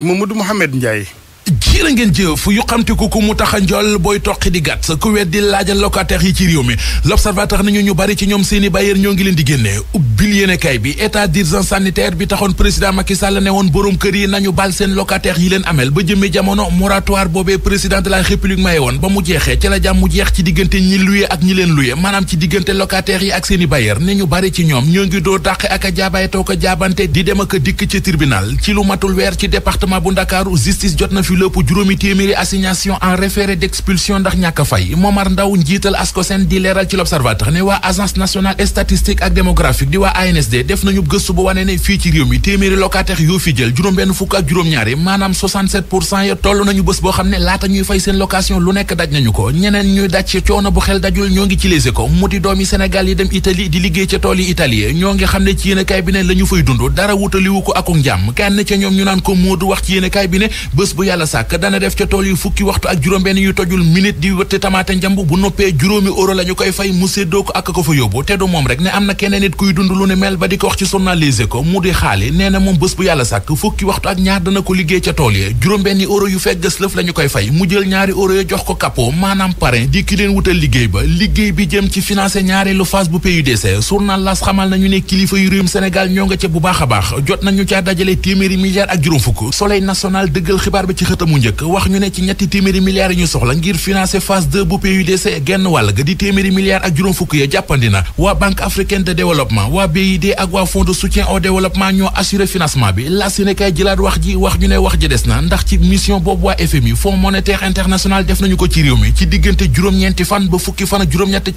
Mamadou Mouhamed Ndiaye jërë ngeen jëf yu xamti ku ku mu tax njool booy toqi di gàtt ku weddi laajal locataires yi ci réew mi l'observateur nañu ñu bari ci ñoom seeni bailleur ñoo ngi leen di génne ubbil yéenekaay bi état d'urgence sanitaire bi taxoon président Macky Sall ne woon borom kër yi nañu baal seen locataires yi leen amel ba jëmee jamono moratoire boobee président de la république maye woon ba mu jeexee ci la jàmm mu jeex ci diggante ñi luye ak ñi leen luye maanaam ci di juróomi téeméeri assignation en référé d'expulsion ndax ñàkk a fay Momar Ndaw njiital ASCOSEN di leeral ci l'Observateur ne waa agence nationale statistique ak démographique di waa ANSD def nañu gëstu bu wane ne fii ci réew mi téeméeri locataire yoo fi jël juróom-benn fukk ak juróom-ñaari maanaam 67 pour cent ya toll nañu bés boo xam ne laata ñuy fay seen location lu nekk daj nañu ko ñeneen ñuy daj coono bu xel dajul ñoo ngi ci Les Échos mu di doomi Sénégal yi dem Italie liggéey tool yi italien ñoo ngi ne ci yéenekaay bi ne la ñu fay dund wax ci yéenekaay dana def ca tool yi fukki waxtu ak juróom-benn yu tojul minute di wëtti tamaate njamb bu noppee juróomi euro la ñu koy fay mu séddoo ko ak ko fa yóbbu te du moom rek ne am na keneen nit kuy dund lu ne mel ba di ko wax ci journal Les mu di xaali nee na moom bés bu yàlla sàkk fukki waxtu ak ñaar dana ko liggéey ca tool yi juróom-benn euro yu feg gës lëf la ñu koy fay mu jël ñaari euro yi jox ko capot maanaam parrain di ki leen wutal liggéey ba liggéey bi jëm ci financer ñaareelu phase bu PUDC journal Las xamal nañu ne kilifa yu réewum Sénégal ñoo nga ca bu baax a baax jot nañu caa dajale téeméeri milliards ak juróom fukk soleil national dëggal xibaar bi ci xëtamu njëkk wax ñu ne ci ñetti téeméeri milliards yi ñu soxla ngir financer phase 2 bu PUDC genn wàll ga di téeméeri milliards ak juróom fukk ya jàppandi na waa Banque africaine de développement waa BID ak waa Fonds de soutien au développement ñoo assuré financement bi la Sénégal jëlaat wax ji wax ñu ne wax ji des na ndax ci mission boobu waa FMI Fonds monétaire international def nañu ko ci réew mi ci diggante juróom-ñeenti fan ba fukki fan ak juróom-ñett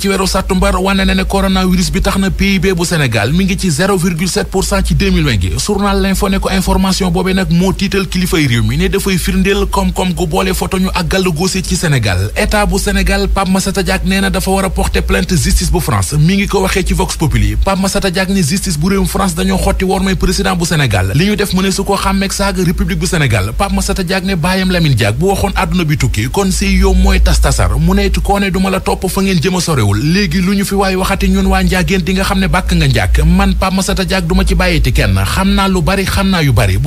koom-koom gu boole photo ñu ak gàll goosé ci Sénégal état bu Sénégal Pape Massata nee na dafa war a porter justice bu France mi ngi ko waxee ci Vox Populi Pape Massata Diack ne justice bu réewum France dañoo xotti war may président bu Sénégal li ñu def mu ne su ko xàmmeeg saag république bu Sénégal Pape Massata Diack ne bàyyam Lamine Diack bu waxoon àdduna bi tukki kon si yow mooy tastasar mu ne koo ne duma la topp fa ngeen jëm a sorewul léegi lu ñu fi waaye waxati ñun waa njaageen di xam ne bàkk nga njàkk man Pape Massata ma ci bàyyeeti kenn xam naa lu bari xam naa yu bari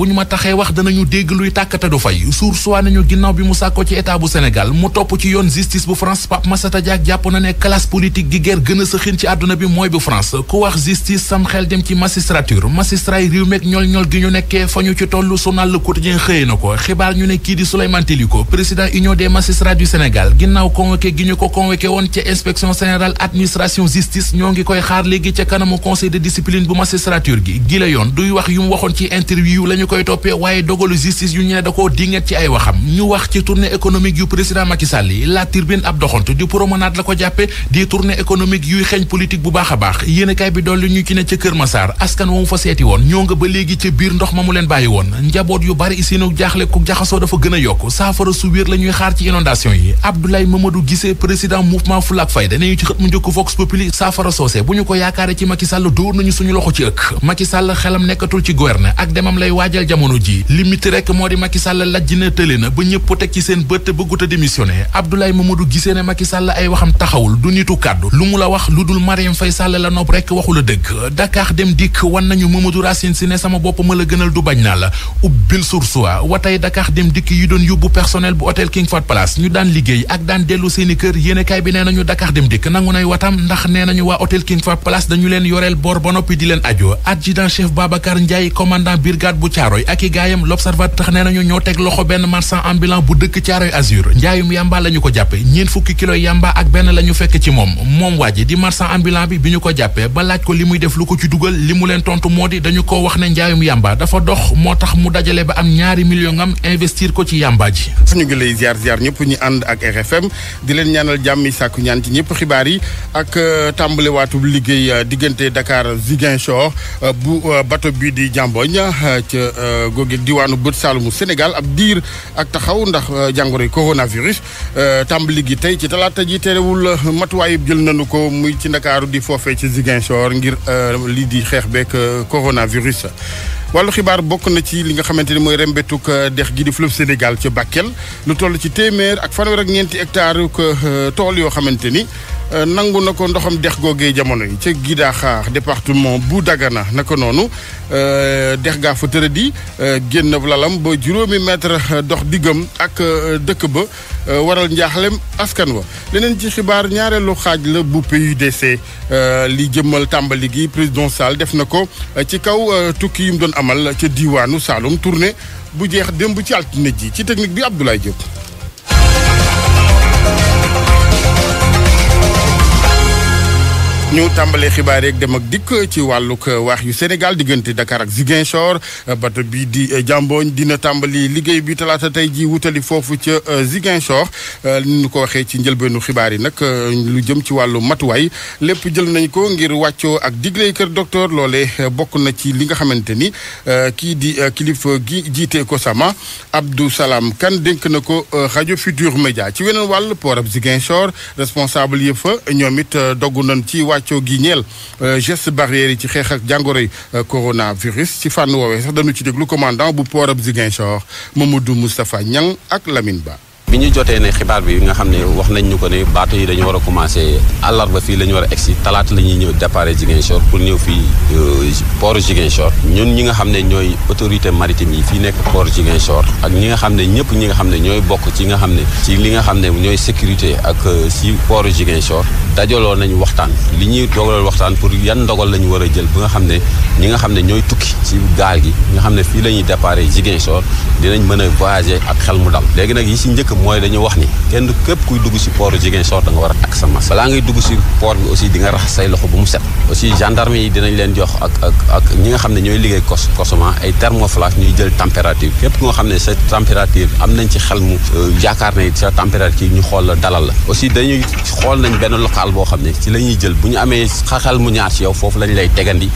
waa nañu ginnaaw bi mu sàkko ci état bu Sénégal mu topp ci yoon justice bu France Pape Massata Diack jàpp na ne classe politique gi guerre gën a sëxin ci àdduna bi mooy bu France ku wax justice sam xel dem ci magistrature magistrat yi réew meeg ñool ñool gi ñu nekkee fa ñu ci toll sonal Le Quotidien xëy na ko xibaar ñu ne kii di Souleymane Téliko président union des magistrats du Sénégal ginnaaw convoqué gi ñu ko convoqué woon ca inspection générale administration justice ñoo ngi koy xaar léegi ca kanamu conseil de discipline bu magistrature gi gi la yoon waxoon ci interview la ñu koy toppee waaye dogalu justice yu ñu ne da koo ci ay wax xam ñu wax ci tournée économique yu président Macky Sall yi la ab doxantu di promenade la ko jàppe di tournée économique yuy xeeñ politique bu baax a baax yéenekaay bi dolli ñu ci ne ca Kër Massar askan wa mu fa seeti woon ñoo nga ba léegi ca biir ndox ma mu leen bàyyi woon njaboot yu bari seenu jaaxle ku jaxasoo dafa gën yokk saafara su wér la xaar ci inondation yi Abdoulaye Mamadou Guissé président mouvement Fulak Fayda ne ñu ci xët mu njëkk bëri na ba ñëpp teg ci seen bët bëggut a démissionné Abdoulaye Mamadou gisee ne Macky ay waxam taxawul du nitu kàddu lu mu la wax lu dul Marième Faye Sall la nopp rek waxu la dëgg Dakar dem dikk wan nañu Mamadou Racine si ne sama bopp ma la gënal du bañ naa la ubbil sursuwa watay Dakar dem dikk yi doon yóbbu personnel bu hôtel King Fahd ñu daan liggéey ak daan dellu seeni kër yéenekaay bi nee nañu Dakar dem dikk nangu nay watam ndax nee nañu waa hôtel commerçant ambulant bu dëkk Caaroy Azur njaayum yamba la ñu ko jàppe ñeent fukki kilo yamba ak benn lañu ñu fekk ci moom moom waa ji di marchand ambulant bi bi ñu ko jàppee ba laaj ko li muy def lu ko ci dugal li mu leen tontu moo di dañu ko wax ne njaayum yamba dafa dox moo tax mu dajale ba am ñaari million am investir ko ci yamba ji ñu ngi lay ziar ziar ñëpp ñu ànd ak RFM di leen ñaanal jàmmi sàkku ñaan ci ñëpp xibaar yi ak euh, tàmbaliwaatu liggéey euh, diggante Dakar Ziguinchor euh, bu bato bi di Jamboñ ca googu diwaanu bët Saalumu Sénégal ab diir ak taxaw ndax euh, jàngoro yi coronavirus euh, tàmbali gi tey ci talaata ji terewul euh, matuwaay jël nañu ko muy ci ndakaaru di foofee ci Ziguinchor ngir lii di xeex beeg coronavirus. wàllu xibaar bokk na ci li nga xamante ni mooy rembetuk dex gi di fleuve Sénégal ci Bakel lu toll ci téeméer ak fanweer ak ñeenti hectares tool yoo xamante ni. Euh, nangu na ko ndoxam dex googee jamono yi ca Gidaaxaar département bu Dagana naka noonu euh, dex gaa fa tëradi euh, génn lalam ba juróomi metre dox diggam ak dëkk ba waral njaaxlem askan wa leneen ci xibaar ñaareelu xaaj la bu PUDC li jëmmal tàmbali gi président Sall def na ko ci kaw tukki yu mu doon amal ca diwaanu Saloum tournée bu jeex démb ci altine ji ci technique bi Abdoulaye Diop ñu tàmbalee xibaar yeeg dem ak dikk ci wàllug waax yu Sénégal diggante Dakar ak Ziguinchor bato bi di jàmbooñ eh, dina tàmbali liggéey bi talaata tey ji wutali foofu ca eh, Ziguinchor eh, nu ñu ko waxee ci njëlbeenu xibaar yi nag lu jëm ci wàllu matuwaay lépp jël nañ ko ngir wàccoo ak digley kër docteur loole bokk na ci li nga xamante ni kii di kilifa gi jiite ko sama Abdou Salam Kane dénk na ko rajo Futur Média ci weneen wàll port ab Ziguinchor responsable yëpp fa ñoom it dogg nañ ci wàcc xàccoo gi ñeel geste barrière yi ci xeex ak jàngoro yi euh, coronavirus ci fànn woowee sax dañu ci déglu commandant bu port ab Ziguinchor Mamadou Moustapha Niang ak Lamine Ba. bi ñu jotee ne xibaar bi nga xam ne wax nañ ñu ko ne bateau yi dañu war a commencé àllarba fii la ñu war a egsi talaata la ñuy ñëw départ Ziguinchor pour ñëw fii euh, port Ziguinchor ñun ñi nga xam ne ñooy autorité maritime yi fii nekk port Ziguinchor ak ñi nga xam ne ñëpp ñi nga xam ne ñooy bokk ci nga xam ne ci li nga xam ne ñooy sécurité ak euh, si port Ziguinchor dajaloo nañu waxtaan li ñuy dogaloo waxtaan pour yan ndogal la ñu war a jël bu nga xam ne ñi nga xam ne ñooy tukki ci gaal gi nga xam ne fii la ñuy départ Ziguinchor dinañ mën a voyager ak xel mu dal léegi nag njëkk mooy dañu wax ni kenn képp kuy dugg si port Ziguinchor da nga war a takk sama masque balaa ngay dugg si port bi aussi di rax say loxo bu mu set aussi gendarme yi dinañ leen jox ak ak ñi nga xam ne ñooy liggéey kos kosement ay thermoflash ñuy jël température képp ku nga xam ne sa température am nañ ci xel mu euh, yaakaar ne sa température ñu xool dalal la aussi dañuy xool nañ benn local boo xam ne ci la ñuy jël bu ñu amee xel mu ñaar si yow foofu lañ lay tegandi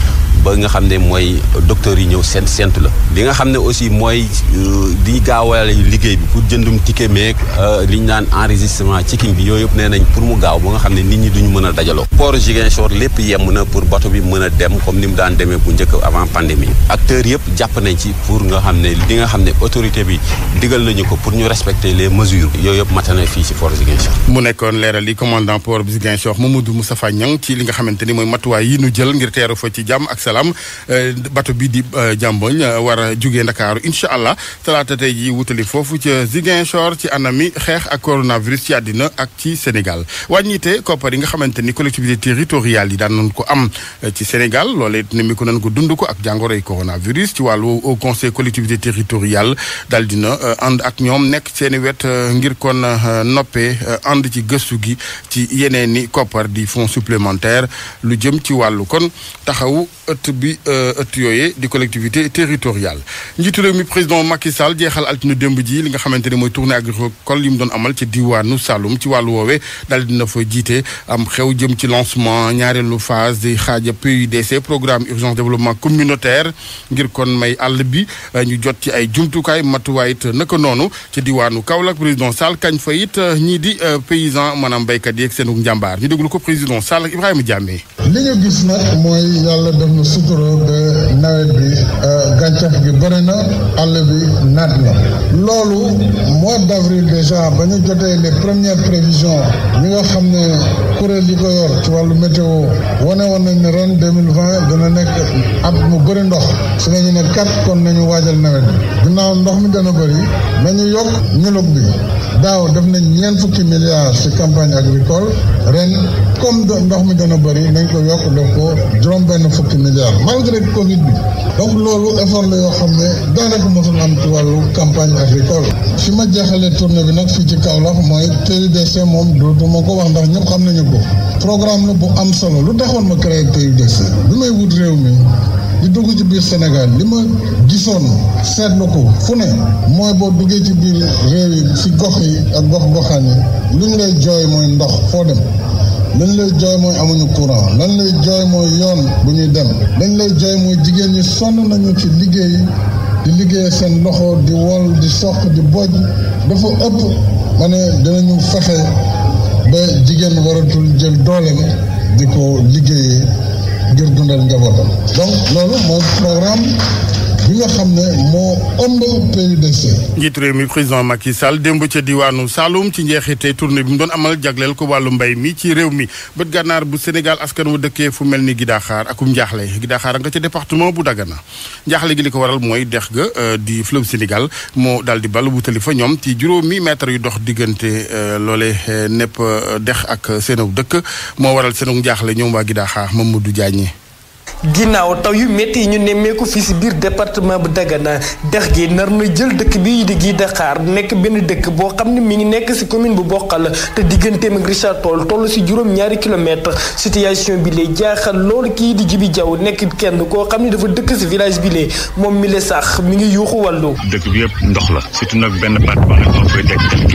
ba nga xam ne mooy euh, docteur yi ñëw seen séntu la li nga xam ne aussi mooy euh, di gaawale liggéey bi pour jëndum ticket mais yeeg euh, li ñu naan enregistrement checking bi yooyu yëpp nee nañ pour mu gaaw ba nga xam ne nit ñi duñu mën a dajaloo port Ziguinchor lépp yemm pour bato bi mën a dem comme ni mu daan demee bu njëkk avant pandémie acteurs yëpp jàpp nañ ci pour nga xam ne li nga xam ne autorité bi digal nañu ko pour ñu respecter les mesures yooyu yëpp matana fii si port Ziguinchor mu nekkoon leeral yi commandant port Ziguinchor Mamadou Moustapha Niang ci li nga ci jàmm ak salaam euh, bato bi euh, a anami xeex ak coronavirus ci àddina ak ci Sénégal wàññite koppar yi nga xamante ni collectivité territoriale yi daan nañ ko am eh, ci Sénégal loolee ne mi ko nañ ko dund ko ak jàngoroy coronavirus ci wàllu au conseil collectivité territoriale daal dina eh, ànd ak ñoom nekk seeni wet eh, ngir kon noppee ànd ci gëstu gi ci yeneen ni koppar di fonds supplémentaire lu jëm ci wàllu kon taxawu ëtt bi ëtt yooyee di collectivité territoriale njiitu réew mi président Macky protocole yi mu doon amal ci diwaanu Saloum ci wàllu woowe daal dina fa jiite am xew jëm ci lancement ñaareelu phase di xaaja PUDC programme urgence développement communautaire ngir kon may àll bi euh, ñu jot ci ay jumtukaay matuwaay it naka noonu ci diwaanu Kaolack président Sall kañ fa it euh, ñii di euh, paysan maanaam baykat yeek seenu njàmbaar ñu déglu ko président Sall ak Ibrahima Diamé. li ñu gis nag mooy yàlla def na nawet bi gàncax gi bëri na àll bi naat na bi déjà ba ñu jotee les premières prévisions ñi nga xam ne kuréel yi ko yor ci wàllu météo wane woon nañ ne ren deux mille vingt dana nekk at mu bëri ndox su nañu ne kat kon nañu waajal nawet bi ginnaaw ndox mi dana bëri nañu yokk ñulug bi daaw def nañ ñeent fukki milliards ci campagne agricole ren comme ndox mi dana bëri nañ ko yokk def ko juróom benn fukki milliards malgré covid bi donc loolu effort la yoo xam ne daanaka mosul am ci wàllu campagne agricole fi ma jeexalee tournée bi nag fii ci Kaolack mooy PUDC moom dootuma ko wax ndax ñëpp xam nañu ko programme la bu am solo lu taxoon ma créé PUDC bi may wut réew mi li dugg ci biir Sénégal li ma gisoon seetlu ko fu ne mooy boo duggee ci biir réew yi si gox yi ak gox goxaan yi lu ñu lay jooy mooy ndox foo dem lañ lay jooy mooy amuñu courant lañ lay jooy mooy yoon bu ñuy dem lañ lay jooy mooy jigéen ñi sonn nañu ci liggéey di liggéey seen loxo di wol di soq di bojj dafa ëpp ma ne dinañu fexe ba jigéen waratul jël dooleem di ko liggéeyee ngir dundal njabootam donc loolu mooy programme bi nga xam ne moo ëmb réew mi président Macky Sall démb ca diwaanu Saloum ci njeexite tournée bi mu doon amal jagleel ko wàllu mbay mi ci réew mi bët gànnaar bu Sénégal askan wu dëkkee fu mel ni Gidaaxaar akum njaaxle Gidaaxaar nga ca département bu daggana njaaxle gi li ko waral mooy dex ga euh, di fleuve Sénégal moo daal di bal wutali fa ñoom ci juróomi mètre yu dox diggante euh, loole euh, nepp dex ak seenaw dëkk moo waral seenu njaaxle ñoom waa Gidaaxaar Mamadou Diagne. ginnaaw taw yu métti yi ñu nemmeeku fii si biir département bu Dagana dex gi nar na jël dëkk bi di gi Dakar nekk benn dëkk boo xam ne mi ngi nekk si commune bu Boqal te digganteem ak Richard Toll toll si juróom-ñaari kilomètre situation bi lay jaaxal loolu kii di Jibi Jaw nekk kenn koo xam ne dafa dëkk si village bi lee moom mi la sax mi ngi yuuxu wàllu. dëkk bi yëpp ndox la surtout nag benn baat boo xam koy teg dex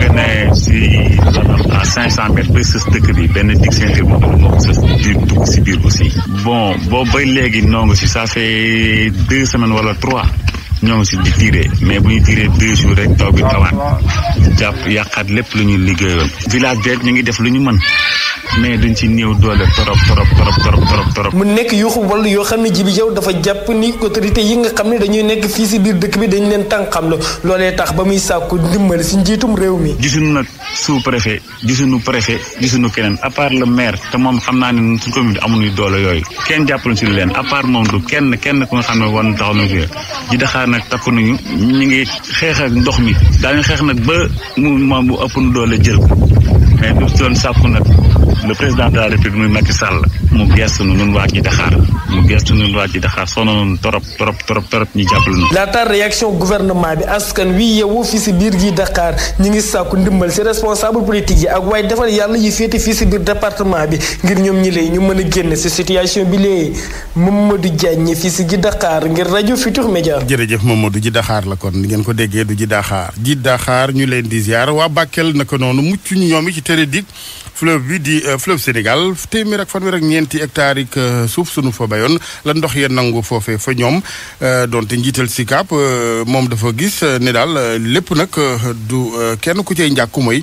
gi ne si à 500 mètres aussi bon boobu ba léegi nongu si ça fait deux semaines wala trois ñoo ngi si di mais bu ñu tirer deux jours rek taw bi tawaat jàpp yàqaat lépp lu ñu liggéeyoon. village bi ñu ngi def lu ñu mën mais duñ ci néew doole torop torop torop torop torop torop. mu nekk yuuxu wala yoo xam ne Jibi Jaw dafa jàpp ni autorité yi nga xam ne dañuy nekk fii si biir dëkk bi dañ leen tànqam la loolee tax ba muy sàkku ndimbal si njiitum réew mi. gisuñu nag sous préfet gisuñu préfet gisuñu keneen à part le maire te moom xam naa ne suñ commune bi amuñu doole yooyu kenn jàppaluñ si leen à part kenn kenn ku nga xam ne war na taxaw nag takku nañu ñu ngi xeex ak ndox mi daañu xeex nag ba mouvement bu ëpp nu doole jël ko mais du doon sàkku nag le président de la république Macky Sall mu gestu nu nun waa Daxaar mu gestu nun waa Daxaar soxna noonu torop torop torop torop ñu jàppale nu laata réaction gouvernement bi askan wi yeewu fii si biir gi Daxaar ñu ngi sàkku ndimbal si responsable politique yi ak waaye defal yàlla yu féete fii si biir département bi ngir ñoom ñi lay ñu mën a génn si situation bi léegi Mamadou Diagne fii si gi Daxaar ngir rajo Futurs média jërëjëf Mamadou ji Daxaar la kon ni ngeen ko déggee du ji Daxaar ji Daxaar ñu leen di ziar waa Bakel naka noonu mucc ñu ñoom yi ci tere dik fleuve bi di euh, fleuve Sénégal téeméer ak fanweer ak ñeenti hectares yi euh, suuf sunu fa bayoon la ndox ya nangu foofee fa ñoom euh, donte njiital si SICAP moom dafa gis ne daal lépp nag du kenn ku cay njàkku mooy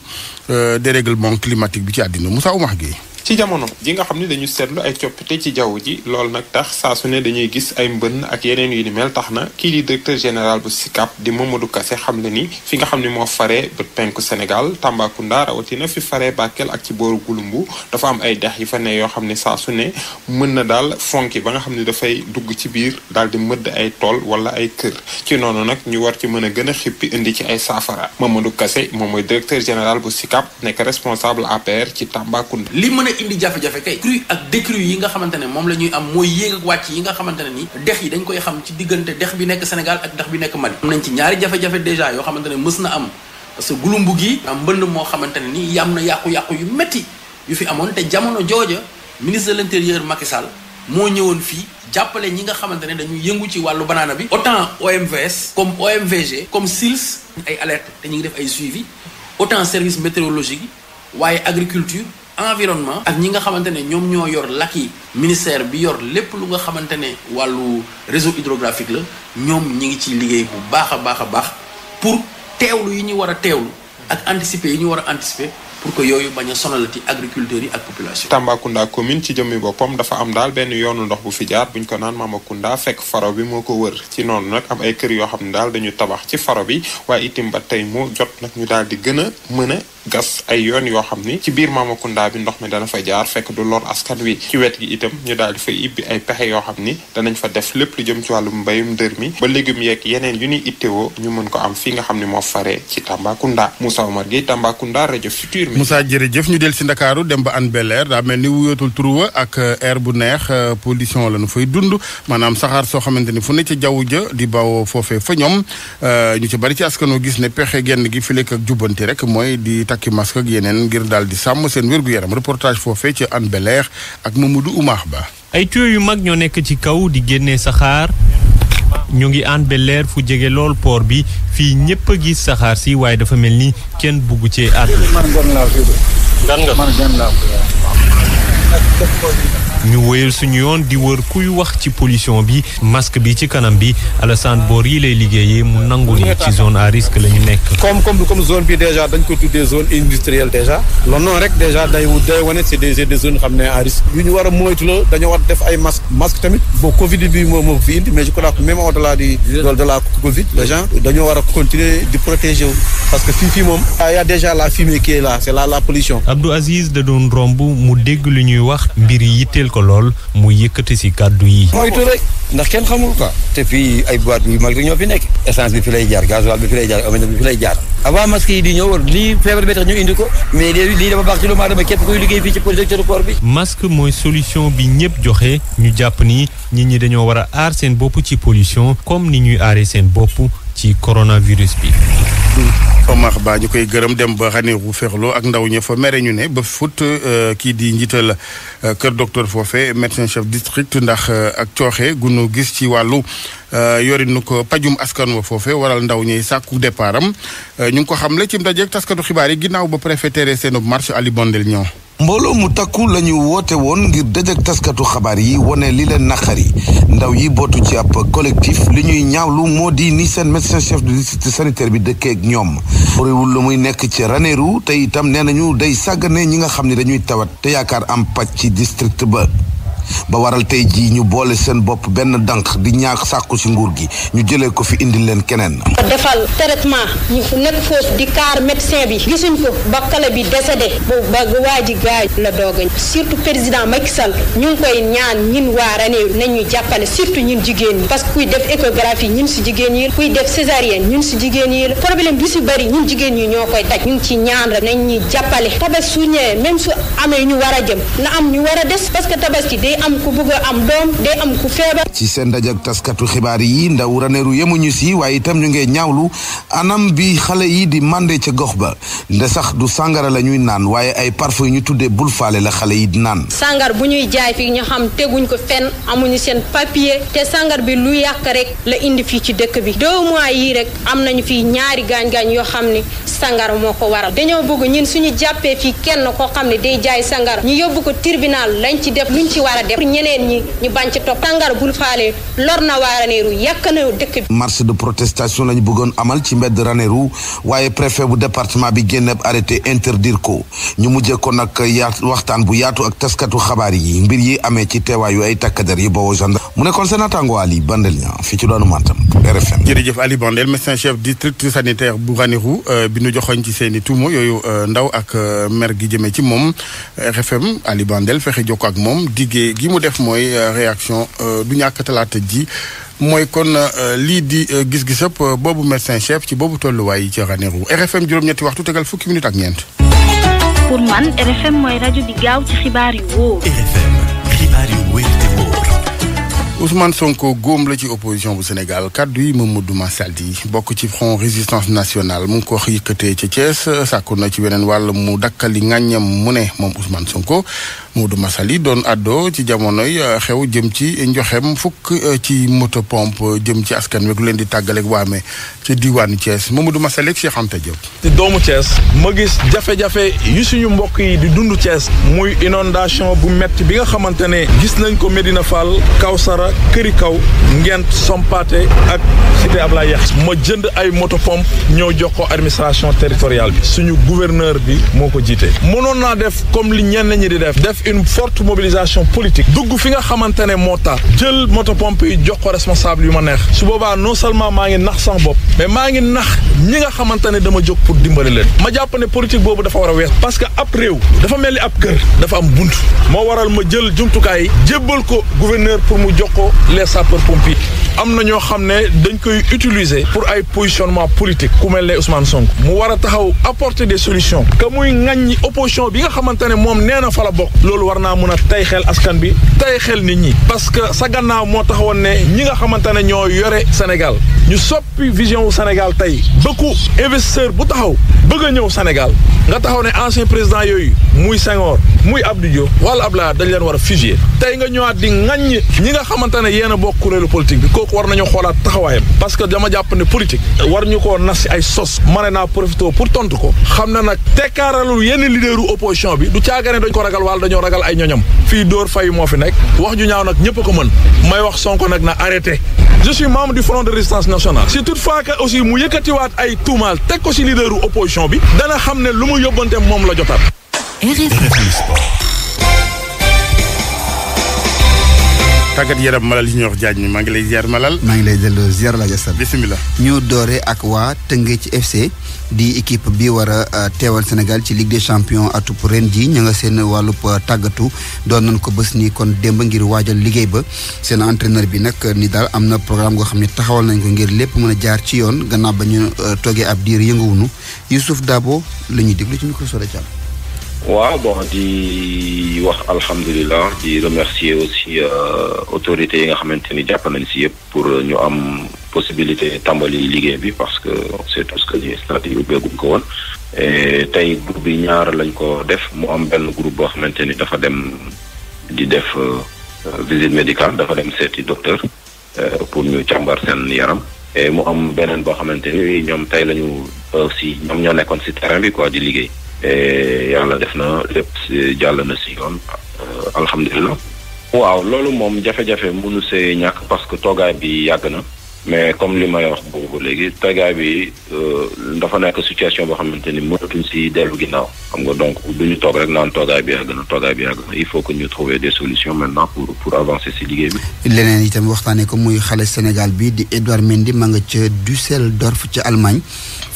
déréglement climatique bi ci àddina Moussa Oumar gi ci jamono ji nga xam ne dañu seetlu ay coppité ci jaww ji loolu nag tax saa su dañuy gis ay mbënn ak yeneen yu ni mel tax na kii di directeur général bu SICAP di Mamadou Kassé xam ne ni fi nga xam ne moo faree bët penku Sénégal Tambacounda rawatina fi faree Bakel ak ci booru Gouloumbou dafa am ay dex yi fa yoo xam ne saa su ne mën na daal fonki ba nga xam ne dafay dugg ci biir daal di mëdd ay tool wala ay kër ci noonu nag ñu war ci mën a gën a xippi indi ci ay saafara Mamadou Kassé moom mooy directeur général bu SICAP nekk responsable APR ci Tambacounda indi jafe-jafe kay crue ak décrue yi nga xamante ne moom la ñuy am mooy yéeg ak wàcc yi nga xamante ne ni dex yi dañ koy xam ci diggante dex bi nekk Sénégal ak dex bi nekk Mali am nañ ci ñaari jafe-jafe déjà yoo xamante ne mës na am parce que gulumbu gi am mbënd moo xamante ne ni yam na yàqu-yàqu yu métti yu fi amoon te jamono jooja ministre de l'intérieur Macky moo ñëwoon fii jàppale ñi nga xamante ne dañuy yëngu ci wàllu banaana bi autant OMVS comme OMVG comme SILS ay alerte te def ay suivi autant service météorologique waaye agriculture environnement ak ñi nga xamante ne ñoom ñoo yor lakk yi ministère bi yor lépp lu nga xamante ne wàllu réseau hydrographique la ñoom ñi ngi ci liggéey bu baax a baax a baax pour teewlu yi ñu war a teewlu ak anticiper yi ñu war a anticiper pour que yooyu bañ a sonalati agriculteurs yi ak population Tambacounda commune ci jëmmi boppam dafa am daal benn yoonu ndox bu fi jaar buñ ko naan Mamakunda fekk faro bi moo ko wër ci noonu nag am ay kër yoo xam ne daal dañu tabax ci faro bi waaye itim ba tey moo jot nag ñu daal di gën a mën a gas ay yoon yoo xam ni ci biir Mamakunda bi ndox mi dana fa jaar fekk du lor askan wi ci wet gi itam ñu daal di fa ibbi ay pexe yoo xam ni danañ fa def lépp lu jëm ci wàllum mbayum dër mi ba légumes yeeg yeneen yu ñuy ittewoo ñu mën ko am fi nga xam ne moo faree ci Tambacounda Moussa Omar Gueye Tambacounda rajo Futur mi Moussa jëf ñu del si Ndakaaru dem ba an Bel daa mel ni wuyootul turuwa ak air bu neex euh, pollution la nu fay dund maanaam saxaar soo xamante ni fu ne ci jaww ja di bawoo foofee fa ñoom euh, ñu ci bari ci askanoo gis ne pexe genn gi fi lekk rek mooy di takki masque yeneen ngir daal di sàmm seen wér-gu-yaram reportage foofee ci Hann Bel-Air ak Mamadou Oumar Ba. ay tuyaux yu mag ñoo nekk ci kaw di génne saxaar ñu ngi Hann bel fu jege lool port bi fii ñëpp a gis saxaar si waaye dafa mel ni kenn bugg cee àddu. man gan laa ñu wéyal suñu yoon di wër kuy wax ci pollution bi masque bi ci kanam bi Alassane Boor yi lay liggéeyee mu nangu ni ci zone à risque la ñu nekk. comme comme comme zone bi déjà dañ ko tuddee zone industrielle a moytu la dañoo war def ay masques. masque tamit bon Covid bi moo moo fi indi mais je crois que même au delà du. de Covid les gens dañoo a continuer di protéger wu. parce que fii fii moom. Ah, y a déjà la fumée qui est là c'est là la pollution. Abdou Aziz da doon romb mu dégg lu ñuy yi yitteel ko lool mu yëkkati si kàddu yi. mooy rek ndax kenn xamul quoi. te fii ay boîte yu mag rek ñoo fi nekk. essence bi fi lay jaar gasoil bi fi lay jaar omo bi fi lay jaar. avant masque yi di ñëw lii feebar bi tax ñu indi ko mais lii dafa baax ci lu ma dama képp kuy liggéey fii ci producteur port bi. masque mooy solution bi ñëpp joxe ñu jàpp ni nit ñi dañoo war a aar seen bopp ci pollution comme ni ñuy aaree seen bopp ci coronavirus bi. Omar Ba ñu koy gërëm dem ba Ranérou Ferlo ak ndaw ña fo mere ñu ne ba fut euh, kii di njiital euh, kër docteur foofe médecin chef district ndax euh, ak cooxe gunu gis ci wàllu yorinu ko pajum askan wa foofe walal ndaw ñuy sàkku départam ñu ngi ko xamle ci ndaje taskatu xibaar yi ginnaaw ba préfet tere seenub marche Ali Bondel ñëw mbooloo mu takku la ñu woote woon ngir dëjëk taskatu xabaar yi wane li leen naqari ndaw yi bootu ci ab collectif li ñuy ñaawlu moo di ni seen médecin chef du district sanitaire bi dëkkee ak ñoom réewul lu muy nekk ci Ranérou te itam nee nañu day sàggane ñi nga xam ni dañuy tawat te yaakaar am paj ci district ba ba waral tey jii ñu boole seen bopp benn dànk di ñaax sàkku si nguur gi ñu jëlee ko fi indil leen keneen. defal traitement ñu nekk foofu di kaar médecin bi gisuñ ko ba kale bi décédé ba waa ji gaañ la doog surtout président Macky Sall ñu ngi koy ñaan ñin waa Ranérou nañ ñu jàppale surtout ñun jigéen ñi parce que kuy def échographie ñun si jigéen yi kuy def césarienne ñun si jigéen yi la problème bi si bëri ñun jigéen ñi ñoo koy daj ñu ngi ci ñaan rek nañ ñu jàppale tabas su ñëwee même su amee ñu war a jëm day am ku bëgg a am doom day am ku feebar. ci seen dajak taskatu xibaar yi ndaw Ranérou ñu si waaye itam ñu ngi ñaawlu anam bi xale yi di mànde ca gox ba nda sax du sàngara la ñuy naan waaye ay parfum yu ñu tuddee bul faale la xale yi di naan. sàngara bu ñuy jaay fii ñu xam teguñ ko fenn amuñu seen papier te sàngar bi lu yàq rek la indi fii ci dëkk bi deux mois yii rek am nañu fi ñaari gaañ-gaañ yoo xam ne sàngar moo ko waral dañoo bëgg ñun suñu jàppee fii kenn loi def pour ñeneen ñi ñu bañ ci topp tàngaar bul faale lor na waa Ranérou yàq na dëkk bi. de protestation lañu bëggoon amal ci mbedd Ranérou waaye préfet bu département bi génne arrêté interdire ko ñu mujjee ko nag yaat waxtaan bu yaatu ak teskatu xabaar yi mbir yi amee ci teewaayu ay der yi boobu gendarme mu nekkoon seen atango Ali Bandel ñaa fi ci doonu Matam RFM. jërëjëf Ali Bandel médecin chef district sanitaire bu Ranérou euh, bi nu joxoñ ci seen i tuuma yooyu euh, ndaw ak euh, mer gi jëmee ci moom RFM Ali fexe jokkoo ak moom diggee yéenekaay gi mu def mooy euh, réaction euh, du ñàkk talaata ji mooy kon euh, lii di gis-gis yëpp boobu médecin chef ci boobu tolluwaay yi ci Ranérou RFM juróom-ñetti waxtu tegal fukki minutes ak ñeent. pour man RFM mooy rajo bi gaaw ci xibaar yu wóor. RFM Sonko góom la ci opposition bu Sénégal kàddu yi Mamadou Massaldi bokk ci front résistance nationale mu ngi ko yëkkatee ca Thiès ci weneen wàll mu dakkali ŋàññam mu ne moom Ousmane Sonko. Modou Massaly doon àddoo ci jamonoy euh, xew jëm ci njoxem fukk euh, ci moto pompe euh, jëm ci askan wi lu leen di waa waame ci diwaanu Thiès Mamadou Massaly ak Cheikh Anta Diop. ci doomu Thiès ma gis jafe-jafe yu suñu mbokk yi di dund Thiès muy inondation bu metti bi nga xamante ne gis nañ ko Medina Fall Kawsara Këri Kaw Ngent Sompate ak Cité Ablaye Yax ma jënd ay moto pompe ñëw jox ko administration territoriale bi suñu gouverneur bi moo ko jiite mënoon naa une forte mobilisation politique dugg fi nga xamante ne moo tax jël motopompe yi jox ko responsable yu ma neex su boobaa non seulement maa ngi nax sama bopp mais maa ngi nax ñi nga xamante ne dama jóg pour dimbali leen ma jàpp ne politique boobu dafa war a wees parce que ab réew dafa mel ni ab kër dafa am bunt moo waral ma jël jumtukaay yi jébbal ko gouverneur pour mu jox ko les sapeurs pompiers am na ñoo xam ne dañ koy utiliser pour ay positionnement politique ku mel ne Ousmane Sonko mu war a taxaw apporter des solutions que muy ŋaññi opposition bi nga xamante ne moom nee na fa la bokk loolu war naa mun a tey xel askan bi tey xel nit ñi parce que sa gannaaw moo taxawoon ne ñi nga xamante ne ñoo yore Sénégal ñu soppi vision wu Sénégal tey bëggu investisseur bu taxaw bëgg a ñëw Sénégal nga taxaw ne ancien président yooyu muy Senghor muy Abdou Diop wala Abdoulaye dañ leen war a fusiller tey nga ñëwaat di ŋaññi ñi nga xamante ne yéen a bokk kuréelu politique bi kooku war nañu xoolaat taxawaayam parce que dama jàpp ne politique war ñu koo nas si ay sos ma ne naa profité pour tontu ko xam na nag tekkaaralul yenn leaderu opposition bi du caagane dañ ko ragal wala dañoo ragal ay ñoñam fii Dóor Faye moo fi nekk wax ju ñaaw nag ñëpp a ko mën may wax Sonko nag na arrêté je suis membre du front de résistance nationale si toutefois que aussi mu yëkkatiwaat ay tuumaal teg ko si leaderu opposition bi dana xam ne lu mu yóbbante moom la jotaat tàggat yaram malal yi ñuy wax jaaj mi maa ngi lay ziar malal. maa ngi lay delloo ziar la jasal. bisimilah ñu doore ak waa Tëngéej FC di équipe bi war a euh, teewal Sénégal ci Ligue des champions atub ren ji ña nga seen wàllu euh, tàggatu doon nañ ko bés ni kon démb ngir waajal liggéey ba seen entraîneur bi nag euh, ni daal am na programme goo xam ne taxawal nañ ko ngir lépp mën a jaar ci yoon gannaaw ba ñu toogee ab diir yënguwunu Youssouf Dabo la ñuy déglu ci micro Soda Thiam. waaw bon di wax alhamdulilah di remercier aussi euh, autorités yi nga xamante ni jàpp nañ si yëpp pour euh, ñu am possibilité tàmbali liggéey bi parce que on sait tous que ni stade yi ko woon tey groupe bi ñaar lañ ko def mu am benn groupe boo xamante ni dafa dem di def euh, visite médicale dafa dem seeti docteur pour ñu càmbar seen yaram et mu am beneen boo xamante ni ñoom tey la ñu aussi ñoom ñoo nekkoon si terrain bi quoi di liggéey Eh, yàlla def na lépp si jàll na si yoon euh, alhamdulilah. waaw loolu moom jafe-jafe mënu see ñàkk parce que toogaay bi yàgg na. mais comme li may wax boobu léegi toogaay bi euh, dafa nekk situation boo xamante ni mënatuñ si dellu ginnaaw xam nga donc du ñu toog rek naan toogaay bi yàgg na toogaay bi yàgg na il faut que ñu trouver des solutions maintenant pour pour avancer si liggéey bi. leneen itam waxtaanee ko muy xale Sénégal bi di Edouard Mendy ma nga ca Düsseldorf ca Allemagne.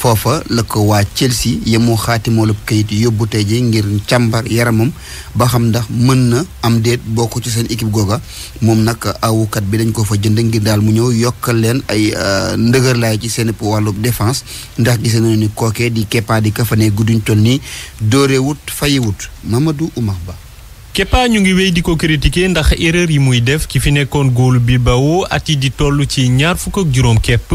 foofa la ko waa Chelsea yemu xaatimoolub kayit yóbbu tey ji ngir càmbar yaramam ba xam ndax mën na am déet bokk ci seen équipe googa moom nag awukat bi dañ ko fa jënd ngir daal mu ñëw yokkal leen ay euh, ndëgërlaay ci seen wàllub defence ndax gis nañu ni kookee di keppaa di Koné gudduñ toll nii dóorewut fayewut Mamadou Oumar Ba Kepa ñu ngi wéy di ko critiquer ndax erreur yi muy def ki fi nekkoon góolu Bilbao at yi di toll ci ñaar fukk ak juróom kepp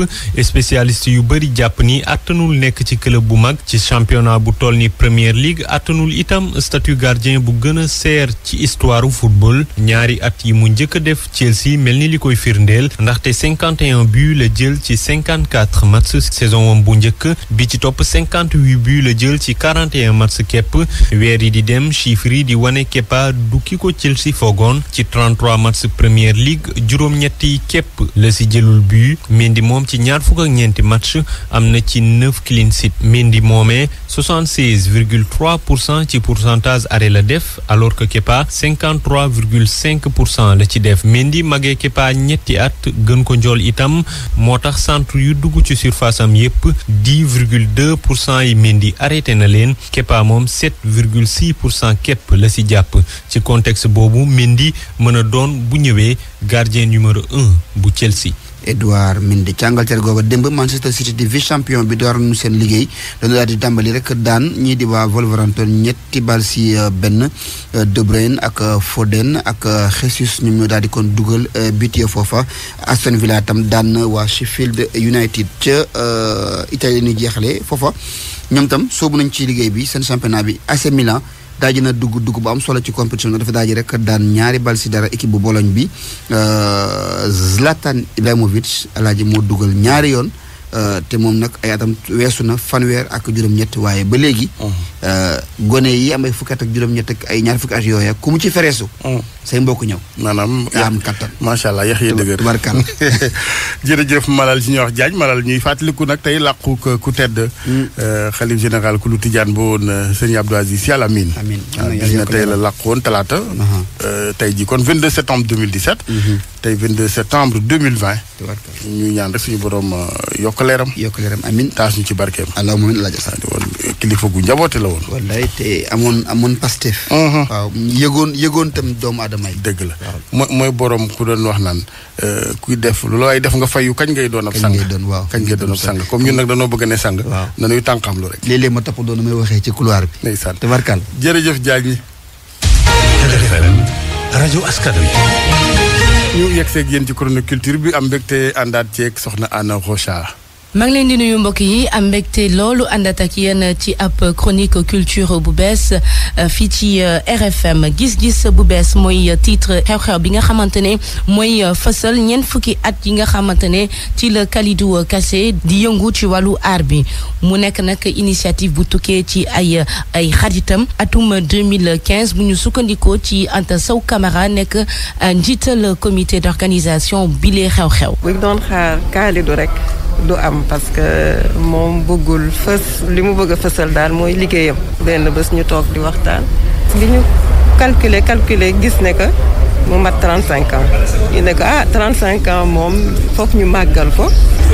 spécialiste yu bëri jàpp ni attanul nekk ci club bu mag ci championnat bu toll ni Premier League attanul itam statut gardien bu gën a seer ci histoire football ñaari at yi mu njëkk a def Chelsea mel ni li koy firndeel ndaxte 51 buts la jël ci 54 match saison wam bu njëkk bi ci topp 58 buts la jël ci 41 match kepp weer yi di dem chiffre di wane Kepa du ki ko Chelsea foogoon ci 33 match première League juróom-ñett yi képp la si jëlul bu Mendy moom ci ñaar fukk ñeenti match am na ci 9 clean sheet Mendy moomee 76 virgule 3 pour cent ci pourcentage arrêt la def alors que Kepa 53 virgule 5 pour cent la ci def Mendy magee Kepa ñetti at gën ko njool itam moo tax centre yu dugg ci surface am yépp 10 virgule pour cent yi Mendy arrêté na leen Kepa moom 7 virgule 6 pour cent képp la si jàpp ci contexte boobu Mendy mën a doon bu ñëwee gardien numéro un bu Chelsea. Edouard Mendy ci Angleterre gooba démb Manchester City di vice champion bi door nu seen liggéey dañu daal di tàmbali rek daan ñii di waa Wolverhampton ñetti bal si euh, benn euh, De Bruyne ak euh, Foden ak Jesus ñoom ñoo daal di kon dugal butie foofa Aston Villa tam daan waa Sheffield United ca Italie ñu jeexale foofa ñoom tam soobu nañ ci liggéey bi seen championnat bi AC Milan daa ji na dugg dugg am solo ci compétition dafa daa ji rek daan ñaari bal si dara équipe bu Bologne bi euh, Zlatan Ibrahimovic alaaji moo dugal ñaari yoon euh, te moom nag ay atam weesu na fanweer ak juróom-ñett waaye ba léegi uh-huh. euh, gone yi am ay fukki at ak juróom-ñett ay ñaar fukki yooya ku ci fereesu uh-huh. say mbokk ñëw. maanaam yaa am kattan. macha allah yax yi dëgër tubarkalla. jërëjëf Malal ji ñuy wax Diagne Malal ñuy fàttaliku nag tey làqu ku tedd. Mm. Euh, xalif général ku lu tijaan ba woon euh, sëñ Abdou Aziz Sy Al Amine. amiin ah, gis na tey la làqu woon talaata. Uh-huh. Euh, tey ji kon 22 septembre tey 22 septembre 2020. ñu ñaan rek suñu borom yokk euh, yokkaleeram yokk leeram amiin taas ñu ci barkeem. allahumma amiin laaj a woon euh, kilifa gu njaboote la woon. wallaay te amoon amoon Pastef. Uh-huh. waaw yëgoon yëgoon tam doomu aadama yi. dëgg la mooy mooy ku doon wax naan euh, kuy def looy def nga fayu kañ ngay doon ab sang. kañ ngay waaw kañ ngay doon ab sang comme nag danoo bëgg ne sang. waaw nanuy tànqamlu rek. léeg-léeg ma topp doon na may waxee ci couloir bi. ndeysaan tabarkaal jërëjëf Diagne. rajo ñu yegg seeg yéen ci chronique culture bi am mbégte àndaat ceeg soxna Anna Rocha. maa ngi leen di nuyu mbokk yi am mbégte loolu àndat ak yenn ci ab chronique culture bu bees euh, fii ci euh, RFM gis-gis bu bees mooy titre xew-xew bi nga xamante ne mooy euh, fësal ñeent fukki at yi nga xamante ne ci la Kalidou Kassé di yëngu ci wàllu aar bi mu nekk nag initiative bu tukkee ci ay ay xaritam atum 2015 bu ñu sukkandikoo ci Anta Sow Camara nekk njiital comité d'organisation bi lee xew-xew. buñ doon xaar Kalidou rek. du am parce que moom bëggul fës li mu bëgg a fësal daal mooy liggéeyam benn bés ñu toog di waxtaan li ñu calculer calculer gis ne que mu mat 35 ans ñu ne ko ah 35 ans moom foog ñu màggal ko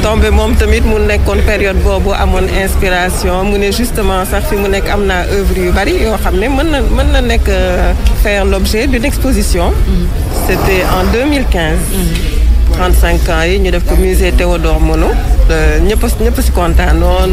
tombé moom tamit mu nekkoon période boobu amoon inspiration mu ne justement sax fi mu nekk am naa œuvre yu bari yoo xam ne mën na mën na nekk euh, faire l'objet d'une exposition mm-hmm. c'était en 2015 35 ans yi ñu def ko musée Théodore Monod euh, ñëpp ñëpp si kontaanoon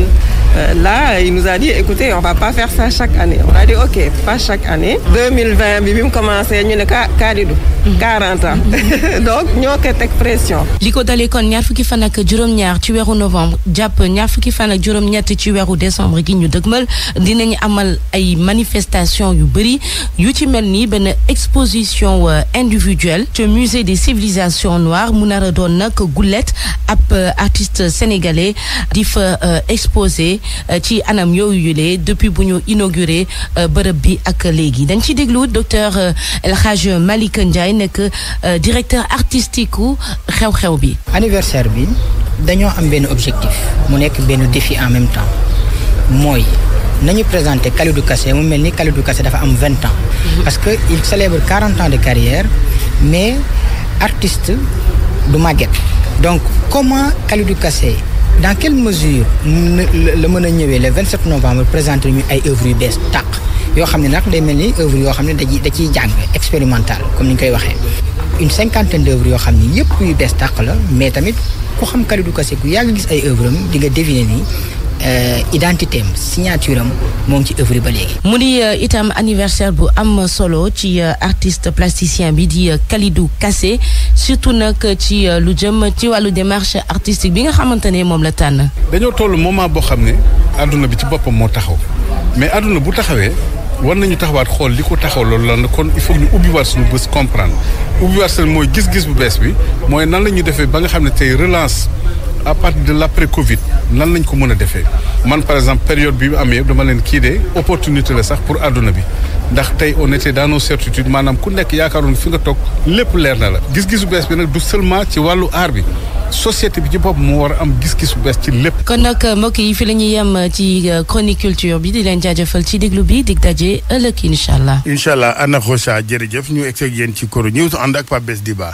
Euh, là, il nous a dit, écoutez, on va pas faire ça chaque année. On a dit, ok, pas chaque année. 2020, bi mu commencé ñu ne ka Kalidou. 40 mhm. ans mhm. donc ñoo ko teg pression. li ko dalee kon ñaar fukki fan ak juróom-ñaar ci weeru novembre jàpp ñaar fukki fan ak juróom-ñett ci weeru décembre gi ñu dëgmal dinañu amal ay manifestation yu bëri yu ci mel ni benn exposition euh, individuelle ci musée des civilisations noires mu nara doon nag Goulet ab euh, artiste sénégalais di fa euh, exposé. Euh, ci anam yooyu yulee depuis bu ñu inauguré euh, bërëb bi ak léegi dañ ci déglu docteur euh, El Hadj Malick nekk directeur artistique xew-xew bi anniversaire bi dañoo am benn objectif mu nekk benn défi en même temps mooy nañu présente Kalidou Kassé mu mel ni Kalidou Kassé dafa am vingt ans parce que il célèbre quarante ans de carrière mais artist du màgget donc comment Kalidou Kassé dans quelle mesure la mën a ñëwee le 27 novembre présenté ñu ay œuvres yu bees tàq yoo xam ne nag day mel ni œuvres yoo xam ne da ciy da ciy jàng expérimentale comme ni ñu koy waxee une cinquantaine d'œuvres yoo xam ni yëpp yu bees tàq la mais tamit ku xam Kalidou Kassé ku yàgg gis ay œuvres am di nga deviner nii Euh, identité am signature moo ngi ci œuvre ba léegi. mu di euh, itam anniversaire bu am solo ci euh, artiste plasticien bi di Kalidou kasse surtout nag ci lu jëm ci wàllu démarche artistique bi nga xamante ne moom la tànn. dañoo tollu moment boo xam ne àdduna bi ci boppam moo taxaw mais àdduna bu taxawee. war nañu taxawaat xool li ko taxaw loolu lan kon il faut ñu ubbiwaat suñu bës comprendre ubbiwaat seen mooy gis-gis bu bees bi mooy nan la ñuy defee ba nga xam ne tey à partir de la après Covid nan lañ ko mën a defee man par exemple période bi amee dama leen kii de opportunité la sax pour àdduna bi ndax tey on était dans nos maanaam ku nekk yaakaaroon fi nga toog lépp leer na la. gis-gisu bees bi nag du seulement ci wàllu aar bi. société bi ci bopp moo war a am gis-gis bu bees ci lépp. kon nag mbokk yi fi la ñuy yem ci euh, chronique culture bi di leen jaajëfal ci déglu bi dig daje ëllëg incha allah. incha allah Anna Rocha jërëjëf ñu egg yéen ci Koro News ànd ak Pape Bes Diba.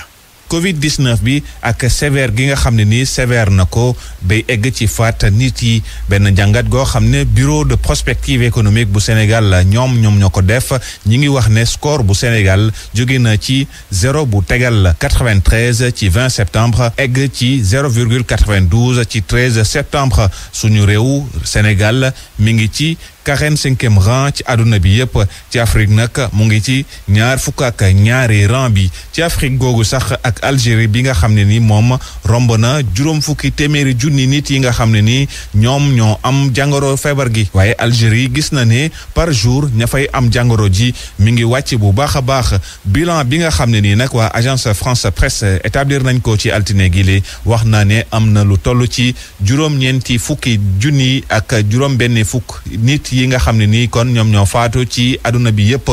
Covid 19 bi ak sévère gi nga xam ne nii sévère na ko bay egg ci faat nit yi benn jàngat goo xam ne bureau de prospective économique bu Sénégal ñoom ñoom ñoo ko def ñi ngi wax ne score bu Sénégal jóge na ci zéro bu tegal 93 ci 20 septembre egg ci 0,92 ci 13 septembre suñu réew Sénégal mi ngi ci. quarante-cinquième rang ci àdduna bi yépp ci Afrique nag mu ngi ci ñaar fukk ak ñaari rang bi ci Afrique googu sax ak Algérie bi nga xam ne ni moom romb na juróom fukki téeméeri junni nit yi nga xam ne ni ñoom ñoo am jàngoro feebar gi waaye Algérie gis na ni par jour ña fay am jàngoro ji mu ngi wàcc bu baax a baax bilan bi nga xam ne nii nag waa agence France Presse établir nañ ko ci altine gi wax na ne am na lu toll ci juróom-ñeenti fukki junni ak fukk yi nga xam ne nii kon ñoom ñoo faatu ci aduna bi yëpp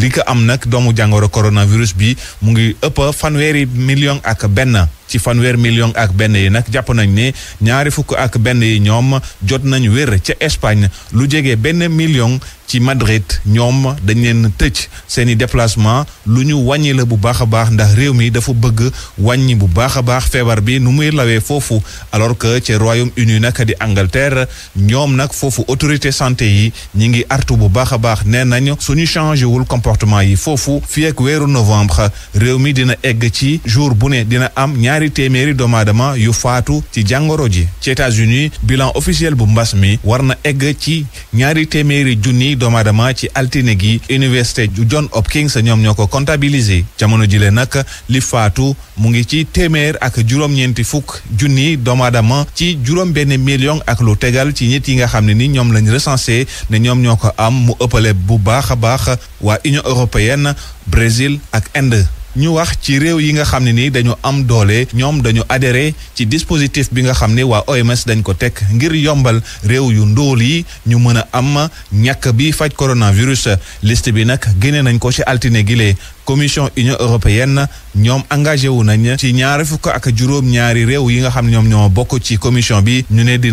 li ko am nag doomu jàngoro coronavirus bi mu ngi ëpp fanweeri million ak benn. ci fanweer million ak benn yi nag jàpp nañ ne ñaari fukk ak benn yi ñoom jot nañu wér ca Espagne lu jege benn million ci Madrid ñoom dañ leen tëj seen i déplacement lu ñu wàññi la bu baax a baax ndax réew mi dafa bëgg wàññi bu baax a baax feebar bi nu muy lawee foofu alors que ci Royaume-Uni nag di Angleterre ñoom nag foofu autorité santé yi ñu ngi artu bu baax a baax nee nañu suñu changé wul comportement yi foofu fii weeru novembre réew mi dina egg ci jour bu ne dina ñaari téeméeri doomu aadama yu faatu ci jàngoro ji ci bilan officiel bu mbas mi war na egg ci ñaari téeméeri junni doomu aadama ci altine gi université John Hopkins ñoom ñoo ko comptabiliser jamono jile nag li faatu mu ngi ci téeméer ak juróom-ñeenti fukk junni doomu aadama ci juróom-benn million ak lu tegal ci ñett yi nga xam ne ni ñoom lañu recensé ne ñoom ñoo ko am mu ëppale bu baax a baax waa Union européenne Brésil ak Inde ñu wax ci réew yi nga xam ne ni dañu am doole ñoom dañu adhéré ci dispositif bi nga xam ni waa OMS dañ ko teg ngir yombal réew yu ndóol yi ñu mën a am ñàkk bi faj coronavirus liste bi nag génne nañ ko ci altine gile commission union européenne ñoom engagé wu nañ ci ñaari fukk ak juróom ñaari réew yi nga xam ne ñoom ñoo bokk ci commission bi ñu ne dina